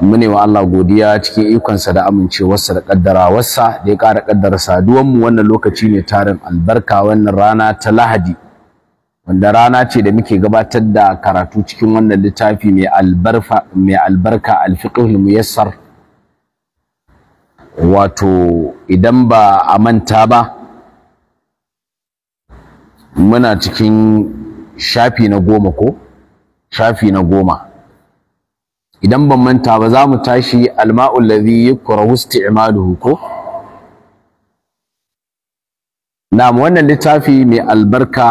mune wa Allah godiya cikin ikonsa da amincewarsa da kaddarawarsa da ya ƙara kaddara mu wannan lokaci ne tarin albarka wannan rana ta Lahadi wanda rana ce da muke gabatar da karatu cikin wannan littafi mai albarfa mai albarka alfiqhul muyassar wato idan ba a manta ba muna cikin shafi na goma ko shafi na goma idan ban manta ba za mu tashi alma'ul ladhi yukrahu isti'maluhu ko na'am wannan littafi mai albarka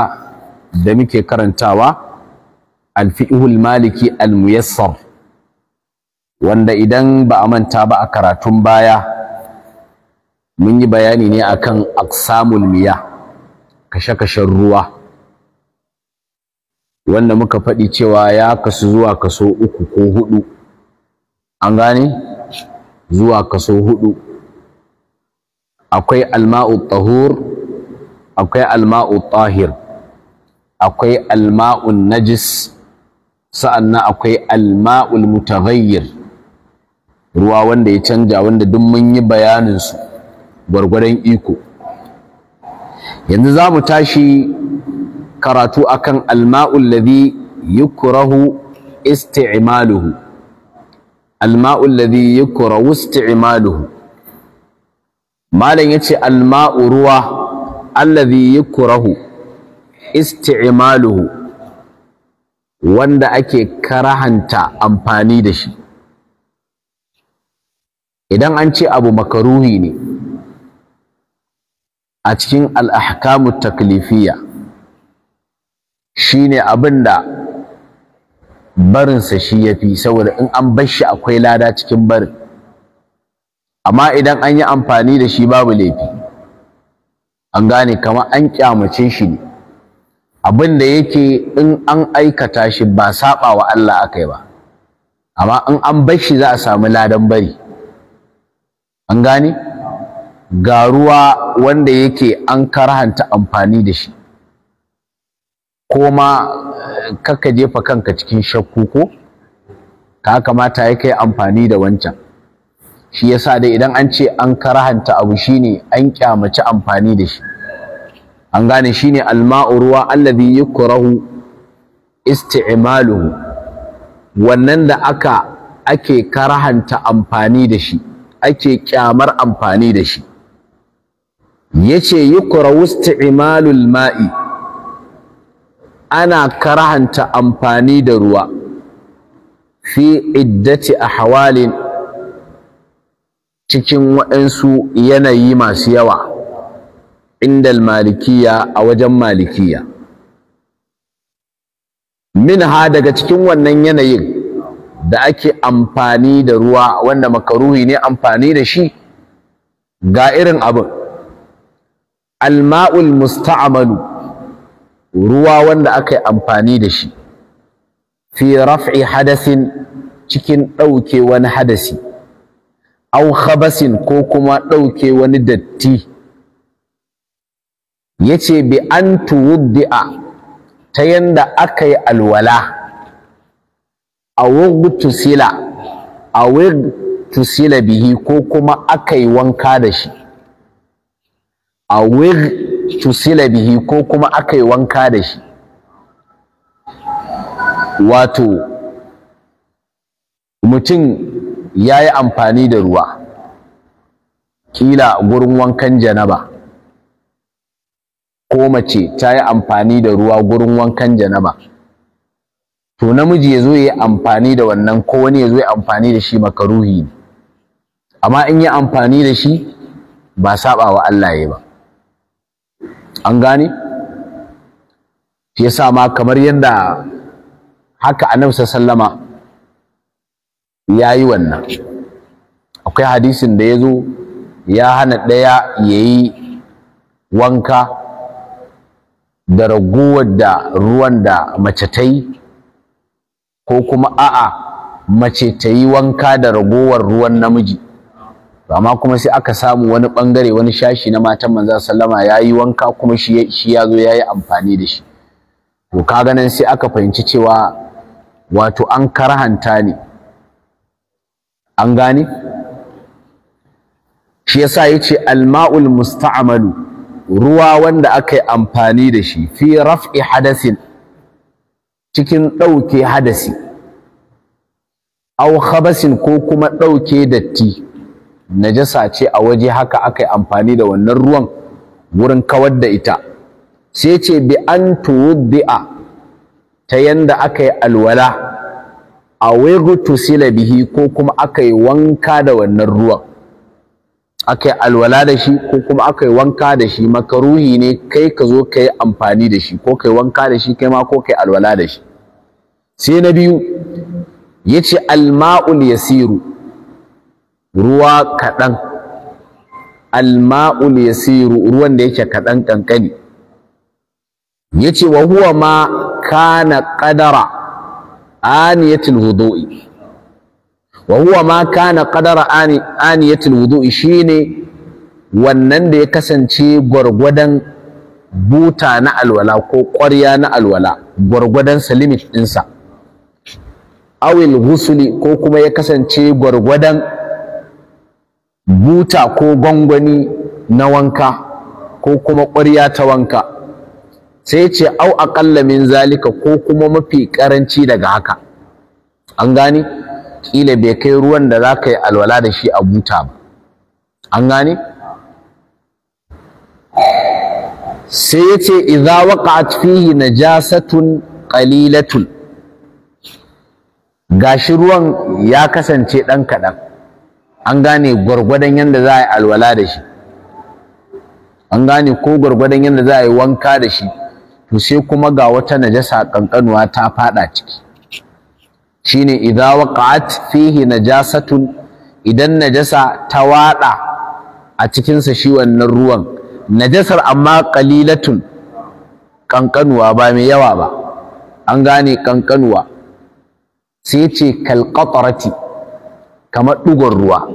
da muke karantawa al maliki almuyassar wanda idan ba a manta ba a karatun baya mun yi bayani ne akan aqsamul miya kashe-kashen ruwa wanda muka faɗi cewa ya kasu zuwa kaso uku ko huɗu. an gane zuwa kaso hudu akwai alma'u tahur akwai alma'u tahir akwai alma'u najis sa'an na akwai alma'u mutaghayyir ruwa wanda ya canja wanda duk mun yi bayaninsu su gwargwadon iko yanzu za mu tashi karatu akan alma'ul ladhi yukrahu isti'maluhu alma'u alladhi yukrahu isti'maluhu malam yace alma'u ruwa alladhi yukrahu isti'maluhu wanda ake karahanta amfani da shi idan an ce abu makaruhi ne a cikin al'ahkamu taklifiya shine abin da barinsa shi yafi saboda in an bar shi akwai lada cikin barin amma idan an yi amfani da shi babu laifi an gane kamar an kyamace shi ne abin da yake in an aikata shi ba saba wa Allah akai ba amma in an bar shi za a samu ladan bari an gane ga ruwa wanda yake an karhanta amfani da shi ko ma eh, kakka jefa kanka cikin shakku ko ka kamata ya kai amfani da wancan shi yasa dai idan an ce an karahanta abu shine an kyamaci amfani da shi an gane shine alma'u ruwa allazi yukrahu isti'maluhu wannan da aka ake karahanta amfani da shi ake kyamar amfani da shi yace yukrahu isti'malul ma'i ana karahanta amfani da ruwa fi iddati hawalin cikin waɗansu yanayi masu yawa inda malikiya a wajen malikiya minha daga cikin wannan yanayin da ake amfani da ruwa wanda makaruhi ne amfani da shi ga irin abin alma'ul musta'amalu ruwa wanda aka yi amfani da shi fi raf'i hadasin cikin ɗauke wani hadasi au khabasin ko kuma ɗauke wani datti yace bi an tuwuddi'a ta yanda aka yi alwala a tusila a tusila bihi ko kuma aka yi wanka da shi a tusila bihi ko kuma aka yi wanka da shi wato mutum ya yi amfani da ruwa kila gurin wankan janaba ko mace ta yi amfani da ruwa gurin wankan janaba to namiji ya zo ya yi amfani da wannan ko wani ya zo ya amfani da shi makaruhi ne amma in yi amfani da shi ba saba wa Allah ya ba an gane yasa ma kamar yadda haka annabi sallama yayi wannan akwai hadisin da ya zo ya hana daya yayi wanka da raguwar da ruwan da mace ta yi ko kuma a'a mace ta yi wanka da ragowar ruwan namiji amma kuma sai aka samu wani bangare wani shashi na matan manzon sallama yayi wanka kuma shi shi yazo yayi amfani da shi to kaga nan sai aka fahimci cewa wato an karahanta ne an gane shi yasa yace alma'ul musta'malu ruwa wanda aka yi amfani da shi fi raf'i hadasin cikin ɗauke hadasi aw khabasin ko kuma ɗauke datti najasa ce a waje haka aka yi amfani da wannan ruwan wurin kawar da ita sai ce bi an tuwuddi'a ta yanda aka yi alwala a wegu tusila bihi ko kuma aka yi wanka da wannan ruwan aka yi alwala da shi ko kuma aka yi wanka da shi makaruhi ne kai ka zo ka yi amfani da shi ko ka yi wanka da shi kai ma ko ka yi alwala da shi sai na biyu ya ce alma'ul yasiru ruwa kaɗan alma'ul yasiru ruwan da yake kaɗan ƙanƙani ya ce wa huwa ma kana ƙadara aniyatul wudu'i wa huwa ma kana qadara aniyatul wudu'i ne wannan da ya kasance gwargwadon buta na alwala ko ƙwarya na alwala gwargwadon salimit ɗinsa awil gusuli ko kuma ya kasance gwargwadon buta ko gwangwani na wanka ko kuma ƙwarya ta wanka sai ce au aƙalla min zalika ko kuma mafi ƙaranci daga haka an gane ƙila bai kai ruwan da za ka yi alwala da shi a buta ba an gane sai ya ce na ja-satun najasatun Ga gashi ruwan ya kasance ɗan kaɗan an gane gwargwadon yadda za a yi alwala da shi an gane ko gwargwadon yadda za a yi wanka da shi to sai kuma ga wata najasa kankanuwa ta fada ciki shine idza waqa'at fihi najasatun idan najasa ta wada a cikinsa sa shi wannan ruwan najasar amma qalilatun kankanuwa ba mai yawa ba an gane kankanuwa sai ce kalqatarati kamar ɗugon ruwa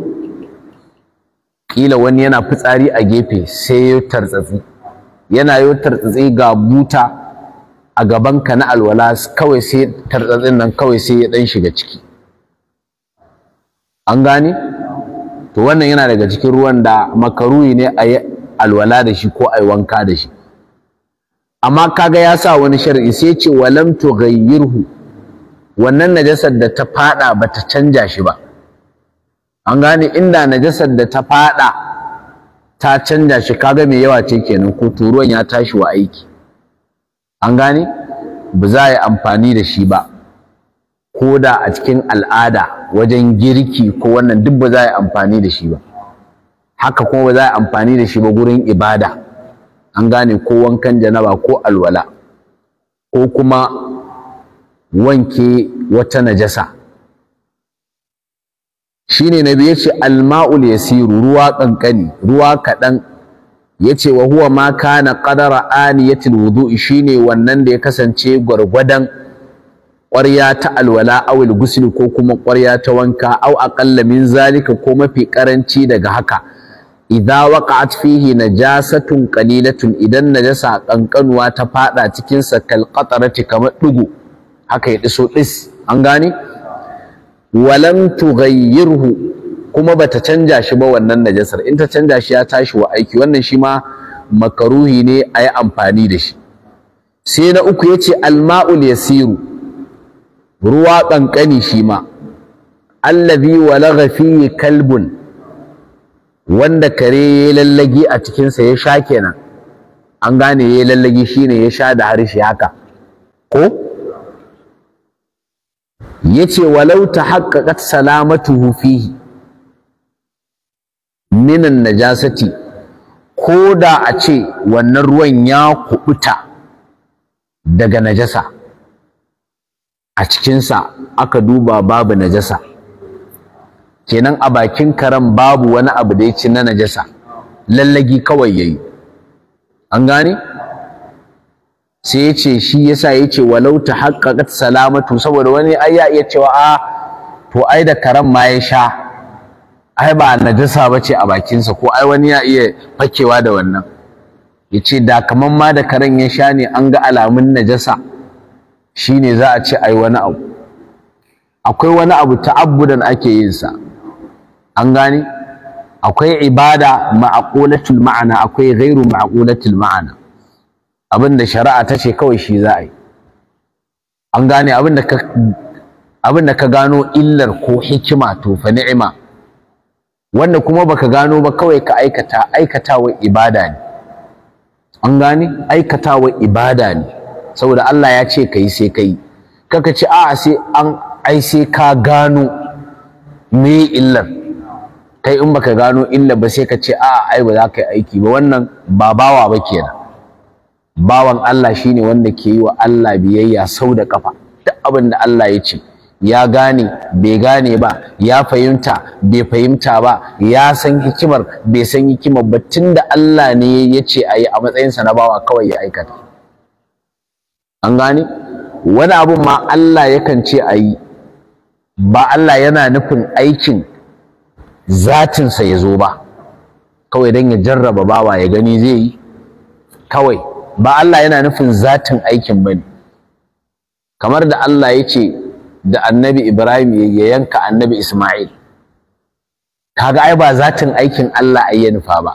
ƙila wani yana fitsari a gefe sai ya tartsatsi yana yi tartsatsi ga buta a gabanka na alwala kawai sai tartsatsin nan kawai sai ya ɗan shiga ciki an gane to wannan yana daga cikin ruwan da makaruyi ne a yi alwala da shi ko a yi wanka da shi amma kaga ya sa wani shari'i sai ce walam gayyirhu wannan najasar da ta fada ta canja shi ba an gane inda najasar da ta fada ta canja shi kaga mai yawa ce kenan ko turuwan ya tashi wa aiki an gane ba za a yi amfani da shi ba ko da a cikin al'ada wajen girki ko wannan duk ba za a yi amfani da shi ba haka kuma ba za a yi amfani da shi ba gurin ibada an gane ko wankan janaba ko alwala ko kuma wanke wata najasa Shi ne na nabi yace alma'ul yasiru ruwa ƙanƙani ruwa ya yace wa huwa ma kana qadara aniyatil wudu'i ne wannan da ya kasance gwargwadon ƙwarya ta alwala awil gusli ko kuma ƙwarya ta wanka au aqalla min zalika ko mafi ƙaranci daga haka idza waqa'at fihi najasatun ƙalilatun, idan najasa ƙanƙanuwa ta faɗa cikin sa kal qatarati kamar dugu haka ya diso dis an gane walam tughayyirhu kuma bata canja shi ba wannan najasar in ta canja shi ya tashi wa aiki wannan shi ma makaruhi ne a yi amfani da shi sai na uku ya ce alma'ul yasiru ruwa ƙanƙani shi ma allazi walagha fihi kalbun wanda kare ya lallagi a cikinsa ya sha kenan an gane ya lallagi shine ya sha da harshe haka ko yace walau tahaqqaqat salamatu hufihi minan najasati ko da a ce wannan ruwan ya kuɓuta daga najasa a cikinsa aka duba babu najasa kenan a bakin karen babu wani abu da ya ci na najasa lallagi kawai ya yi, an gane sai ya ce shi ya sa ya ce walau ta haƙaƙat salamatu saboda wani ai ya iya cewa a ah, to ai da karen ma ya sha ai ba najasa ba ce a bakinsa ko ai wani ya iya fakewa da wannan ya ce da kamar ma da karen ya sha ne an ga alamun najasa shi ne za a ce ai wani abu akwai wani abu ta'abbudan ake yin sa an gane akwai ibada ma'aqulatul ma'ana akwai gairu ma'aqulatul ma'ana abin da shari'a ta ce kawai shi za a yi an gane abin da ka gano illar ko hikima to fa ni'ima wanda kuma baka gano ba kawai ka aikata aikatawa ibada ne an gane aikatawa ibada ne saboda Allah ya ce kai sai kai kaka ce a'a sai an ai sai ka gano me illar kai in baka gano illar ba sai ka ce a, ai ba za ka yi aiki ba wannan ba bawa ba kenan bawan Allah shine wanda ke yi wa Allah biyayya sau da kafa duk abin da Allah ya ce ya gane bai gane ba ya fahimta bai fahimta ba ya san hikimar bai san hikimar ba tun da Allah ne ya ce a yi a matsayinsa na bawa kawai ya aikata an gane wani abun ma Allah yakan ce a yi ba Allah yana nufin aikin zatinsa ya zo ba kawai don ya jarraba bawa ya gani zai yi kawai ba Allah yana nufin zatin aikin ne kamar da Allah ya ce da annabi Ibrahim ya yanka annabi Ismail kaga ai ba zatin aikin Allah ai ya nufa ba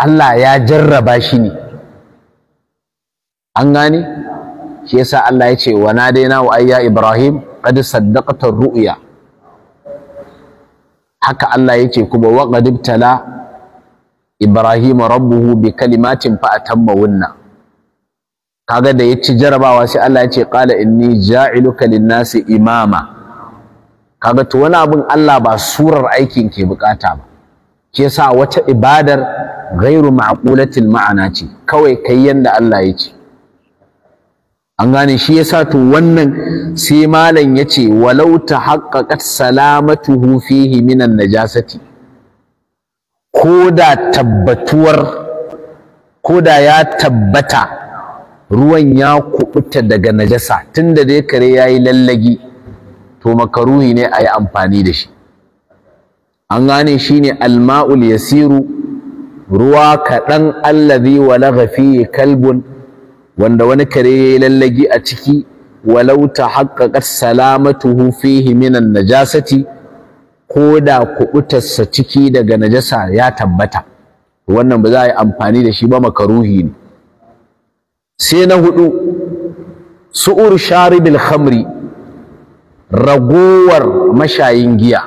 Allah ya jarraba shi ne an gane shi yasa Allah ya ce wa na wa Ibrahim qad saddaqta ru'ya haka Allah ya ce kuma wa qad ibtala ibrahim rabbuhu bi kalimatin fa atammawunna kaga da ya ci jarabawa sai Allah ya ce qala inni ja'iluka lin imama kaga to wani abin Allah ba surar aikin ke bukata ba ke sa wata ibadar ghairu ma'qulatil ma'ana ce kawai kai yanda Allah ya ce an gane shi yasa to wannan sai malam yace walau tahaqqaqat salamatuhu fihi minan najasati Koda tabbatuwar ya tabbata ruwan ya kubuta daga najasa tunda dai kare yayi lallagi to makaruhi ne ayi amfani da shi an gane shine alma'ul yasiru ruwa kaɗan allazi walagha fihi kalbun wanda wani kare yayi lallagi a ciki walauta haƙaƙar salamatuhu fihi minan najasati ko da kuɓutarsa ciki daga najasa ya tabbata wannan ba za a yi amfani da shi ba makaruhi ne sai na hudu su'ur sharibil khamri ragowar mashayin giya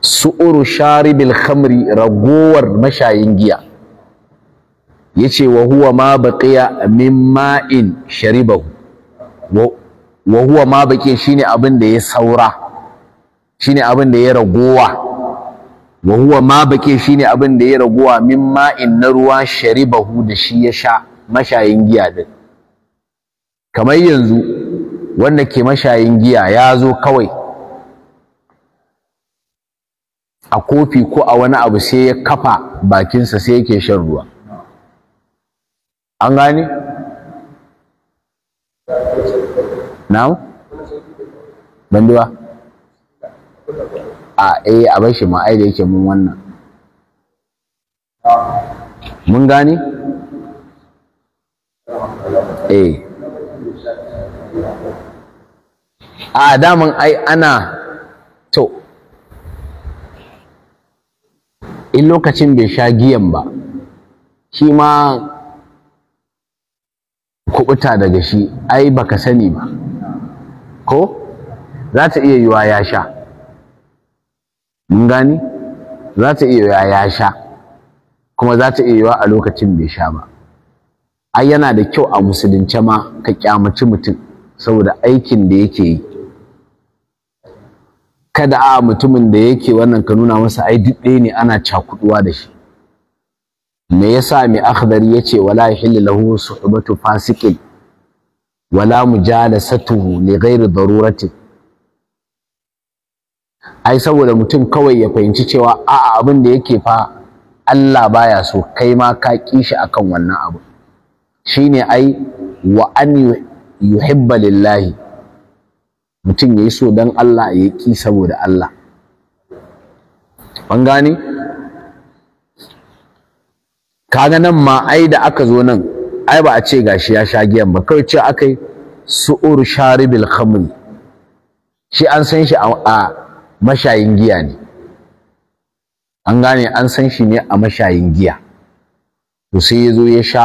su'ur sharibil khamri ragowar mashayin giya yace wa huwa ma baqiya min ma'in sharibahu wa huwa ma baqiya shine abin da ya saura shine abin da ya ragowa wa huwa ma bake shine abin da ya ragowa min ma'in na ruwa sharibahu da shi ya sha mashayin giya din kamar yanzu wanda ke mashayin giya ya zo kawai a kofi ko a wani abu sai ya kafa bakinsa sai yake shan ruwa an gane na'am ban a eh a bar shi ma ai da yake mun wannan mun gane eh a daman ai ana to in lokacin bai sha giyan ba shi ma kubuta daga shi ai baka sani ba ko za ta iya yiwa ya sha mun gani za ta iya yiwa ya sha kuma za ta iya yiwa a lokacin bai sha ba ai yana da kyau a musulunce ma ka kyamaci mutum saboda aikin da yake yi kada a mutumin da yake wannan ka nuna masa ai duk ɗaya ne ana cakuduwa da shi me yasa mai akhdar yace wala yahillu lahu suhbatu fasiqin wala mujalasatuhu li ghairi daruratin ai saboda mutum kawai ya fahimci cewa a'a abin da yake fa Allah baya so kai ma ka kishi akan wannan abu shine ai wa an yuhibba lillahi mutum yayi so dan Allah ya ki saboda Allah Ban gane kaga nan ma ai da aka zo nan ai ba a ce gashi ya sha giyan ba kawai ce akai su'ur sharibil khamri shi an san shi a mashayin giya ne an gane an san shi ne a mashayin giya to sai ya zo ya sha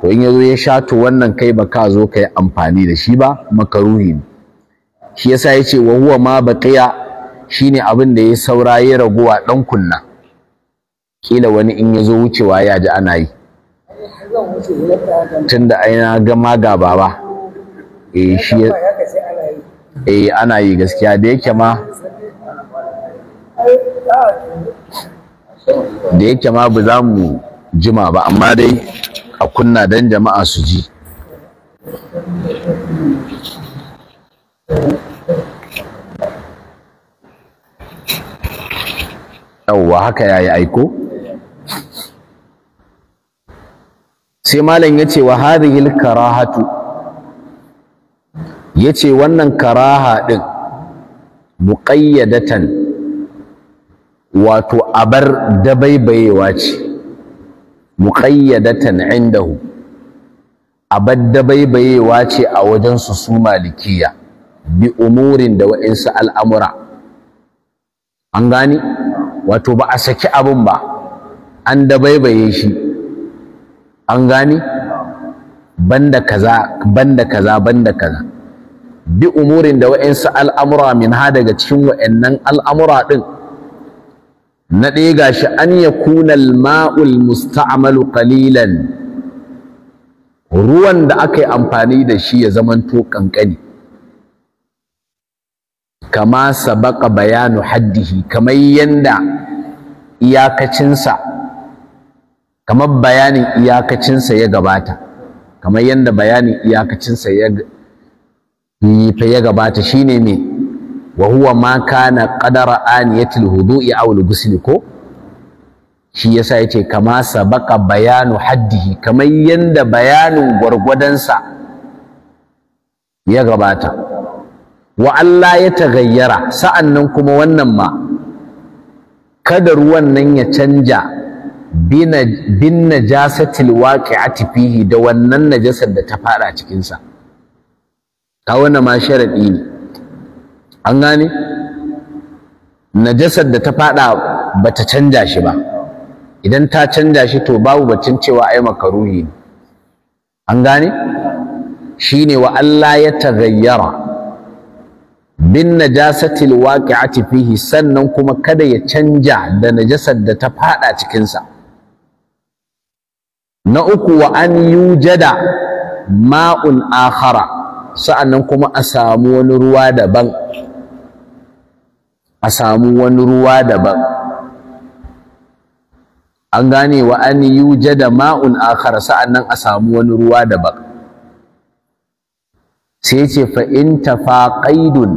to in ya zo ya sha to wannan kai ba ka zo ka yi amfani da shi ba makaruhi ne shi yasa ya ce wa huwa ma baqiya shine abin da ya saura ya raguwa ɗan kunna kila wani in ya zo wucewa ya ji ana yi tunda ai na ga maga baba eh shi eh ana yi gaskiya da yake ma da yake ma ba za mu jima ba amma dai a kunna dan jama'a su ji yawwa haka ya yi aiko sai malam ya ce wa hadhihi karahatu ya ce wannan karaha ɗin muƙayyadatan wato abar dabaibayewa ce muqayyadatan indahu abar dabaibayewa ce a wajensu su malikiya bi umurin da wa'insu al'amura an gani wato ba a saki abin ba an dabaibaye shi an gani banda kaza banda kaza banda kaza bi umurin da wa'insu al'amura min ha daga cikin wa'annan al'amura ɗin. na ɗaya ga shi an ya kunal maul musta'amalu qalilan ruwan da aka yi amfani da shi ya zamanto ƙanƙani kama sabaka bayanu haddihi kamar yanda iyakacinsa kamar bayanin iyakacinsa ya gabata kamar yanda bayanin iyakacinsa ya ya gabata ne mai wa maka na kana qadara ya hudu'i aw al-ghusl ko shi yasa yace kama sabaqa bayanu haddihi kamar yanda bayanin gwargwadonsa ya gabata wa Allah ya tagayyara sa'annan kuma wannan ma kada ruwan nan ya canja bin najasatil waqi'ati fihi da wannan najasar da ta faɗa cikinsa. sa ka wannan ma sharadi ne an gane najasar da ta fada bata canja shi ba idan ta canja shi to babu batun cewa ai makaruhi ne an gane shine wa Allah ya tagayyara bin najasatil waqi'ati fihi sannan kuma kada ya canja da najasar da ta fada cikin sa na uku wa an yujada ma'un akhara sa'annan kuma a samu wani ruwa daban a samu wani ruwa daban an gane wa an yi wuje da ma'un akhar sa'annan a samu wani ruwa daban sai ce fa tafa ƙaidun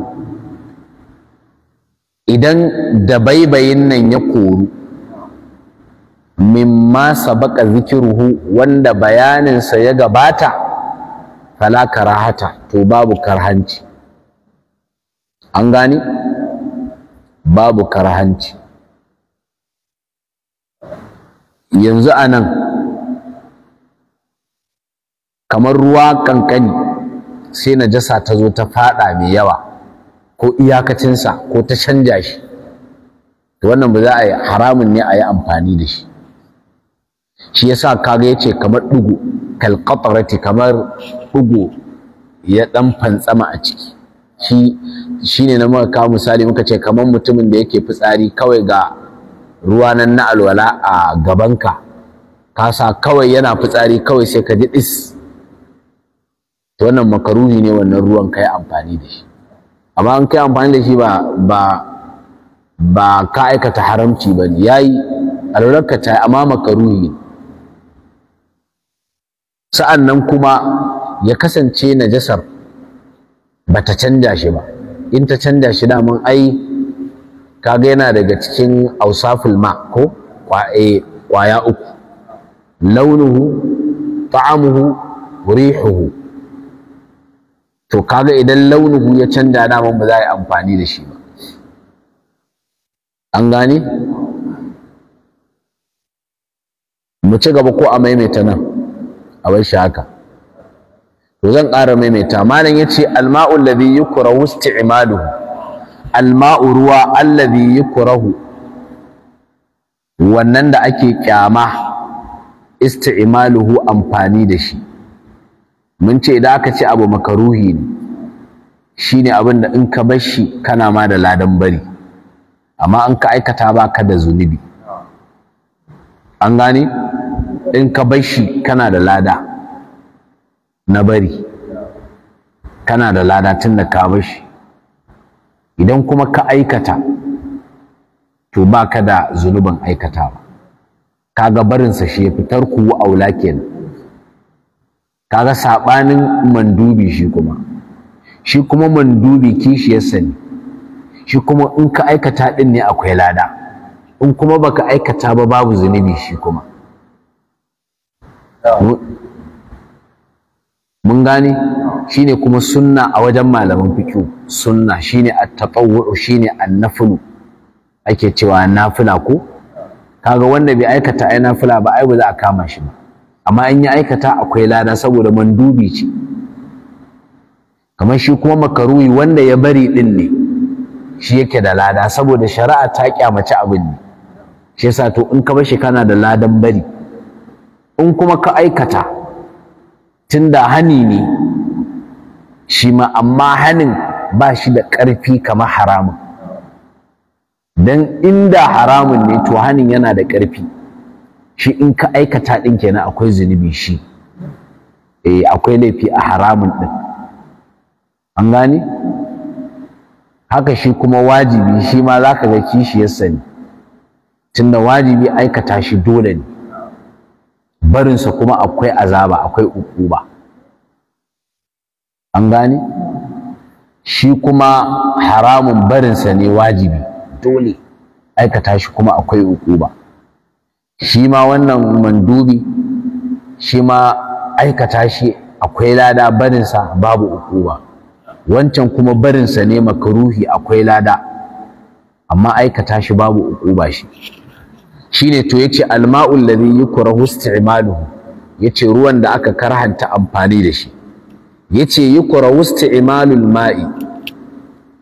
idan dabaibayin nan ya koru mimma sabaka zikiruhu wanda bayaninsa ya gabata fala karahata to babu karhanci an gane babu karahanci yanzu a nan kamar ruwa kankani sai na jasa ta zo ta faɗa mai yawa ko iyakacinsa ko ta canja shi to wannan ba za a yi haramun ne a yi amfani da shi shi yasa kaga yace kamar ɗugu kalqatarati kamar ɗugu ya ɗan fantsama a ciki shi shine na muka kawo misali muka ce kamar mutumin da yake fitsari kawai ga ruwa nan na alwala a gabanka ka sa kawai yana fitsari kawai sai ka ji dis to wannan makaruhi ne wannan ruwan kai amfani da shi amma an kai amfani da shi ba ba ba ka aikata haramci ba ne yayi alwalarka ta amma makaruhi ne sa'an kuma ya kasance najasar bata canja shi ba in ta canja shi daman ai kaga yana daga cikin ausaful ma ko eh, kwaya uku launuhu ta'amuhu rihuhu to kaga idan launuhu ya canja daman ba za a yi amfani da shi ba an gane mu ci gaba ko a maimaita nan a bar shi haka to zan ƙara maimaita malam ya ce, alma'u alladhi yukrahu isti'maluhu alma'u ruwa alladhi yukrahu wannan da ake kyama isti'maluhu amfani da shi mun ce idan aka ce abu makaruhi ne shine abin da in ka bar shi kana ma da ladan bari amma in ka aikata ba ka da zunubi an gane in ka bar shi kana da lada na bari kana da lada tun da ka bashi idan kuma ka aikata to ba ka da zunubin ba. kaga barinsa shi ya fitar kuwa aula kenan kaga saɓanin mandubi shi kuma shi kuma mandubi kishiyarsa ne shi kuma in ka aikata din ne akwai lada in kuma baka aikata ba babu zunubi shi kuma mun gane shine kuma sunna a wajen malaman fiqh sunna shine at-tatawwu shine an-naflu ake cewa nafila ko kaga wanda bai aikata ai nafila ba ai za a kama shi ba amma in ya aikata akwai lada saboda mandubi ce kamar shi kuma makaruyi wanda ya bari din ne shi yake da lada saboda shari'a ta mace abin ne shi yasa to in ka bashi kana da ladan bari in kuma ka aikata tunda hani ne shi ma amma hanin ba shi da ƙarfi kamar haramun don inda haramun ne to hanin yana da ƙarfi shi in ka aikata ɗin kenan akwai zunubi shi eh akwai laifi a haramun ɗin an gane haka shi kuma wajibi shi ma za ka ga kishiyarsa ne tunda wajibi aikata shi dole ne barinsa kuma akwai azaba akwai ukuba an gane shi kuma haramun barinsa ne wajibi dole aikata shi kuma akwai ukuba shi ma wannan mandubi shi ma aikata shi akwai lada barinsa babu ukuba wancan kuma barinsa ne makaruhi akwai lada amma aikata shi babu ukuba shi shine to yace alma'u alladhi yukrahu isti'maluhu yace ruwan da aka karhanta amfani da shi yace yukrahu isti'malul ma'i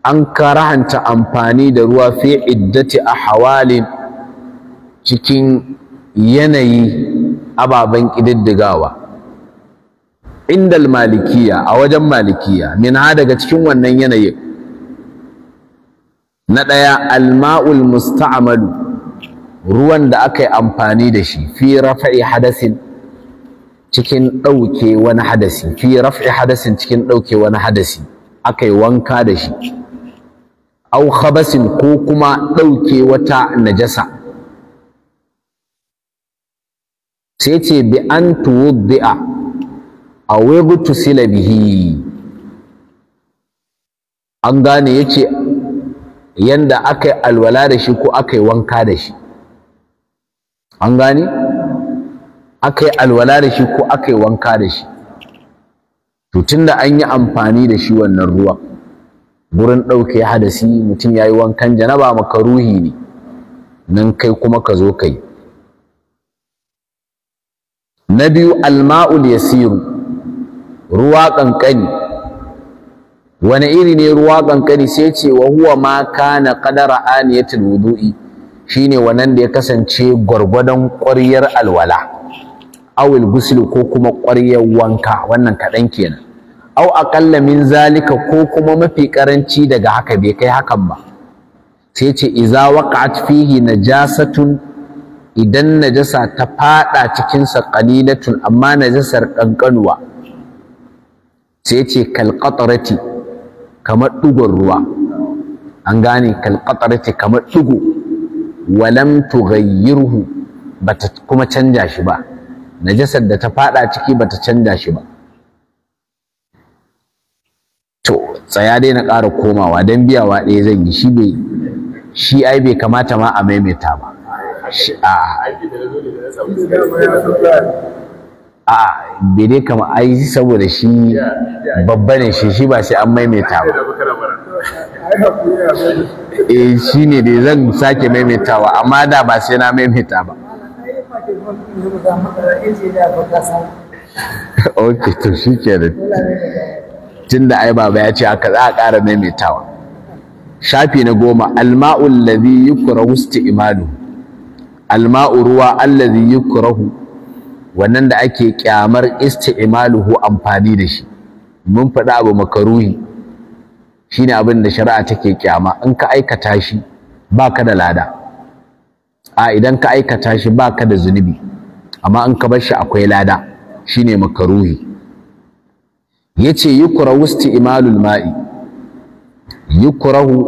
an karhanta amfani da ruwa fi iddati ahwalin cikin yanayi ababen kididdigawa. indal malikiya a wajen malikiya min ha daga cikin wannan yanayin na ɗaya alma'ul musta'malu ruwan da aka yi amfani da shi fi rafa'i hadasin cikin ɗauke wani hadasi fi rafa'i hadasin cikin ɗauke wani hadasi aka yi wanka da shi au khabasin ko kuma ɗauke wata najasa sai ce bi an tuwuddi'a a wegtu sila bihi an gane yace yanda aka yi alwala da shi ko aka yi wanka da shi an gane aka yi alwala da shi ko aka yi wanka da shi to tunda an yi amfani da shi wannan ruwan gurin ɗauke hadasi mutum ya yi wankan janaba ruhi ne nan kai kuma ka zo kai na biyu alma'ul yasiru ruwa ƙanƙani wani iri ne ruwa ƙanƙani sai ce wa huwa ma kana qadara aniyatul wudu'i shine wannan da ya kasance gwargwadon ƙwaryar alwala awil gusli ko kuma ƙwaryar wanka wannan kaɗan kenan au aƙalla min zalika ko kuma mafi ƙaranci daga haka bai kai hakan ba sai ce iza waqa'at fihi najasatun idan najasa ta faɗa cikinsa qalilatun amma najasar ƙanƙanuwa sai ce kalqatarati kamar ɗigon ruwa an gane kalqatarati kamar ɗigo walam tughayyirhu bata kuma canja shi ba najasar da ta fada ciki bata canja shi ba to tsaya dai na ƙara komawa don biyawa ɗaya zan yi shi bai shi ai bai kamata ma a maimaita ba a a bai dai kama ai saboda shi babba ne shi shi ba sai an maimaita ba eh shi ne dai zan sake maimaitawa amma da ba sai na maimaita ba ok to shi kenan tun da ai baba ya ce haka za a ƙara maimaitawa shafi na goma alma'u alladhi yukrahu isti'malu alma'u ruwa alladhi yukrahu wannan da ake kyamar isti'maluhu amfani da shi mun faɗa abu makaruhi shine abin da shari'a take kyama in ka aikata shi baka da lada a idan ka aikata shi baka da zunubi amma in ka bar shi akwai lada shine makaruhi yace wusti imalul ma'i yukrahu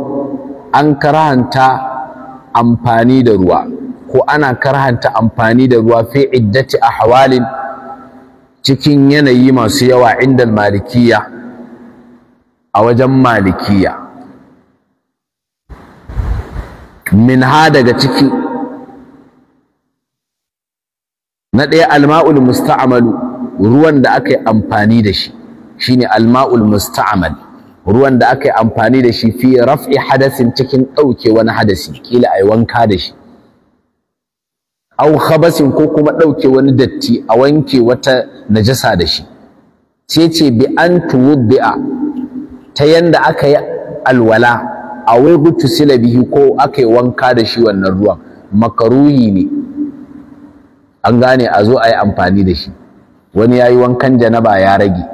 an karahanta amfani da ruwa ko ana karhanta amfani da ruwa fi iddati ahwalin cikin yanayi masu yawa indal malikiya a wajen malikiya min ha daga ciki na ɗaya alma'ul musta'amalu ruwan da aka yi amfani da shi shine alma'ul musta'amal ruwan da aka yi amfani da shi fi raf'i hadasin cikin ɗauke wani hadasi kila a yi wanka da shi au khabasin ko kuma ɗauke wani datti a wanke wata najasa da shi sai ce bi an tuwubbi'a ta yanda aka yi alwala a wai gutu sila bihi ko aka yi wanka da shi wannan ruwan makaruhi ne an gane a zo a yi amfani da shi wani ya yi wankan janaba ya rage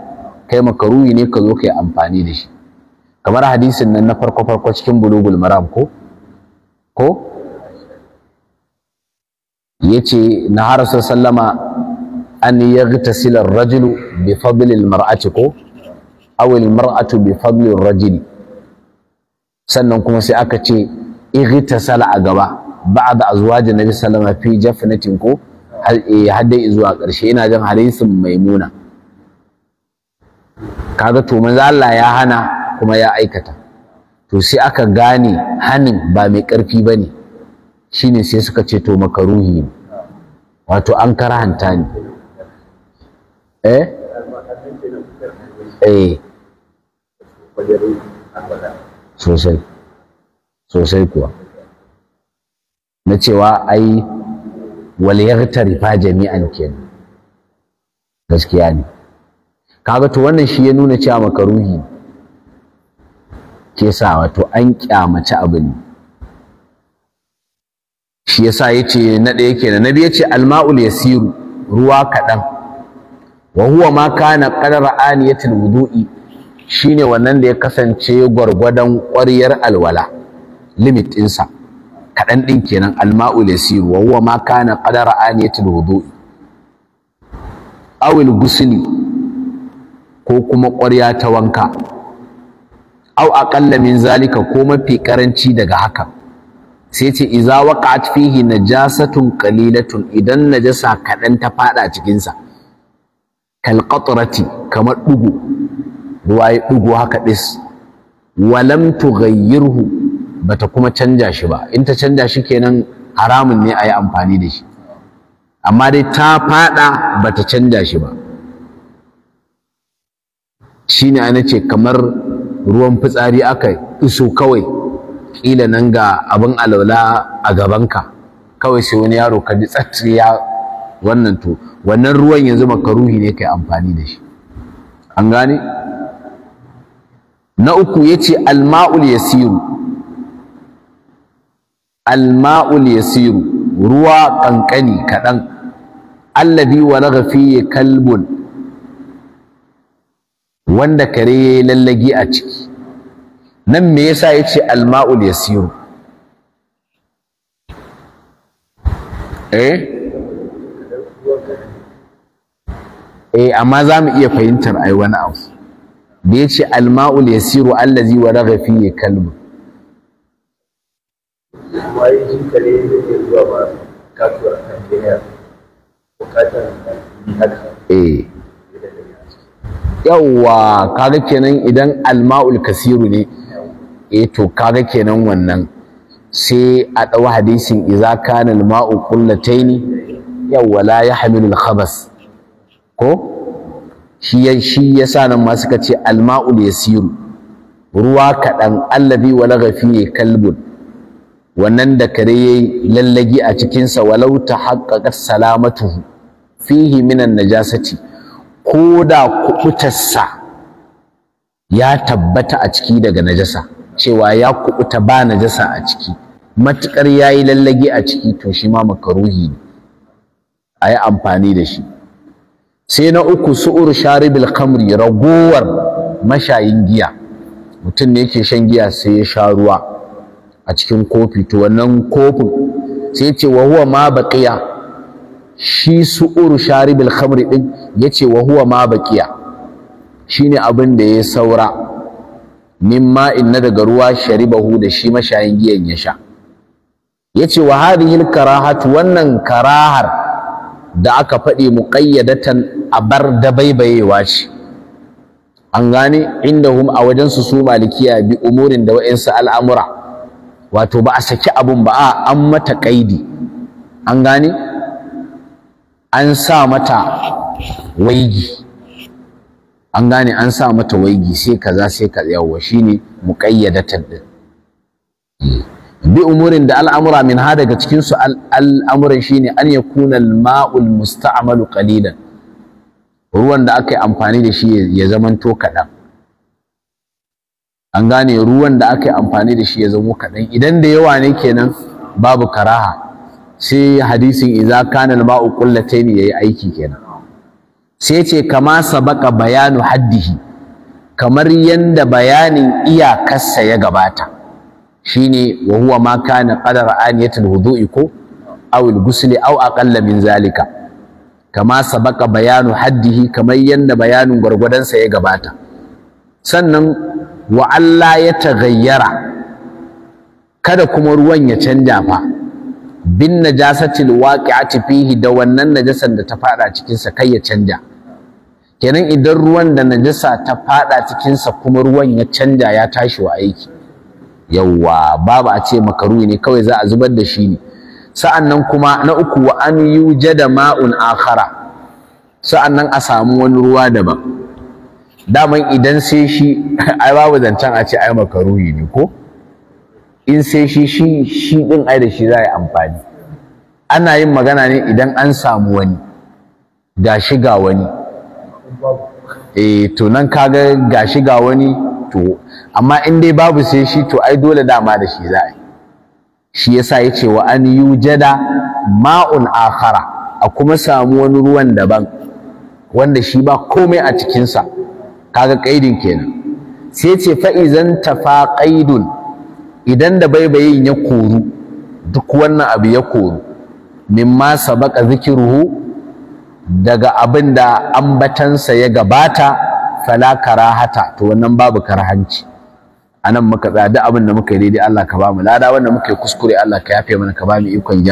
kai makaruhi ne ka zo ka yi amfani da shi kamar hadisin nan na farko farko cikin bulugul maram ko ko yace na harasa sallama an yaghtasila ar-rajulu bi fadli al-mar'ati ko awil mar'atu bi fadli rajul sannan kuma sai aka ce sala a gaba ba'da azwaji nabi sallama fi jafnatin ko haddai eh, zuwa karshe ina jin hadisin maimuna kaga to manzo Allah ya hana kuma ya aikata to sai aka gane hanin ba mai karfi bane shine sai suka ce to makaruhi wato an karahanta ni. eh eh sosai sosai kuwa na cewa ai waliyar tarifa jami'an kenan gaskiya ne kaga to wannan shi ya nuna cewa makaruhi ke sa wato an kyamaci abin shi yasa yace na ɗaya kenan na biya yace alma'ul yasiru ruwa kaɗan wa huwa ma kana qadara aniyatil wudu'i shine wannan da ya kasance gwargwadon ƙwaryar alwala limit ɗinsa kaɗan ɗin kenan alma'u lasir wa huwa ma kana qadara aniyatul wudu'i awil gusli ko kuma ƙwarya ta wanka au aqalla min zalika ko mafi ƙaranci daga haka sai ce iza waqa'at fihi najasatun qalilatun idan najasa kaɗan ta faɗa cikinsa kal qatrati kamar ɗugu ruwa ya ɗigo haka ɗis walam tughayyirhu bata kuma canja shi ba in ta canja shi kenan haramun ne a yi amfani da shi amma dai ta faɗa bata canja shi ba Shi ne ana ce kamar ruwan fitsari aka iso kawai ƙila nan ga abin alaula a gabanka kawai sai wani yaro ka ji ya wannan to wannan ruwan yanzu makaruhi ne kai amfani da shi an gane na uku ya ce alma'ul ya siru, alma'ul siru ruwa allabi wa na gafi ya kalbun wanda kare ya yi lallagi a ciki nan me yasa ce alma'ul ya siru? Eh? eh amma za mu iya fahimtar ai wani abu da ce alma'ul yasiru allazi waragha fihi kalbu waye jin ba kasuwar eh. yawwa kaga kenan idan alma'ul kasiru ne E, to kaga kenan wannan sai a ɗau hadisin iza kana alma'u qullataini yawwa la yahmilu Khabas, ko shi shi sa nan ma suka ce alma'ul yasiru ruwa kaɗan allabi wala ne kalbun wannan da kare yayi lallagi a cikinsa walau ta tahaqqaqat salamatuhu fihi minan najasati ko da kuɓutarsa ya tabbata a ciki daga najasa cewa ya kuɓuta ba najasa a ciki matukar yayi lallagi a ciki to shi ma makaruhi ne a yi amfani da shi sai na uku su'ur sharibil khamri ragowar mashayin giya mutum ne yake shan giya sai ya sha ruwa a cikin kofi to wannan kofin sai ce wa huwa ma baqiya shi su'ur sharibil khamri din yace wa huwa ma baqiya shine abin da ya saura mimma inna daga ruwa sharibahu da shi mashayin giyan ya sha yace wa hadhihi al karahat wannan karahar da aka faɗi muqayyadatan a bar dabaibayewa ce an gane indahum a wajensu su malikiya bi umurin da wa'insu al'amura wato ba a saki abun ba a an mata kaidi an gane an sa mata waigi an gane an sa mata waigi sai kaza sai kaza yawwa shine muqayyadatan din hmm. bi umurin da al'amura min ha daga cikin su al'amuran shine an yakuna al-ma'ul musta'malu qalilan ruwan da aka yi amfani da shi ya zamanto kaɗan an gane ruwan da aka yi amfani da shi ya zamo kaɗan idan da yawa ne kenan babu karaha sai hadisin idza kana al-ma'u ya yayi aiki kenan sai ce kama sabaka bayanu haddihi kamar yanda bayanin iyakarsa ya gabata shine wa huwa ma kana qadara aniyatul wudu'i ko aw al-ghusli aw aqalla min zalika kama sabaka bayanu haddihi kamar yadda bayanin gwargwadonsa ya gabata sannan wa Allah ya tagayyara kada kuma ruwan ya canja fa bin najasatil waqi'ati fihi da wannan najasan da ta fada cikin sa kai ya canja kenan idan ruwan da najasa ta fada cikin sa kuma ruwan ya canja ya tashi wa aiki yawwa babu a ce makaruhi ne kawai za a zubar da shi ne sa'annan kuma na uku wa an yujada ma'un akhara sa'annan a samu wani ruwa daban daman idan sai shi ai babu zancen a ce ai makaruhi ne ko in sai shi shi shi din ai da shi za yi amfani ana yin magana ne idan an samu wani ga shi ga wani eh to nan kaga ga shi ga wani to amma in dai babu sai shi to ai dole dama da shi za a yi shi yasa yace wa an yujada ma'un akhara a kuma samu wani ruwan daban wanda shi ba komai a cikinsa kaga kaidin kenan sai yace fa'izan idan tafaqaidun idan da baibayin ya koru duk wannan abu ya koru mimma sabaka zikiruhu daga abin da ambatansa ya gabata fala karahata to wannan babu karhanci anan muka tsaya duk abin da muka yi daidai Allah ka bamu lada wanda muka yi kuskure Allah ka yafe mana ka bamu ikon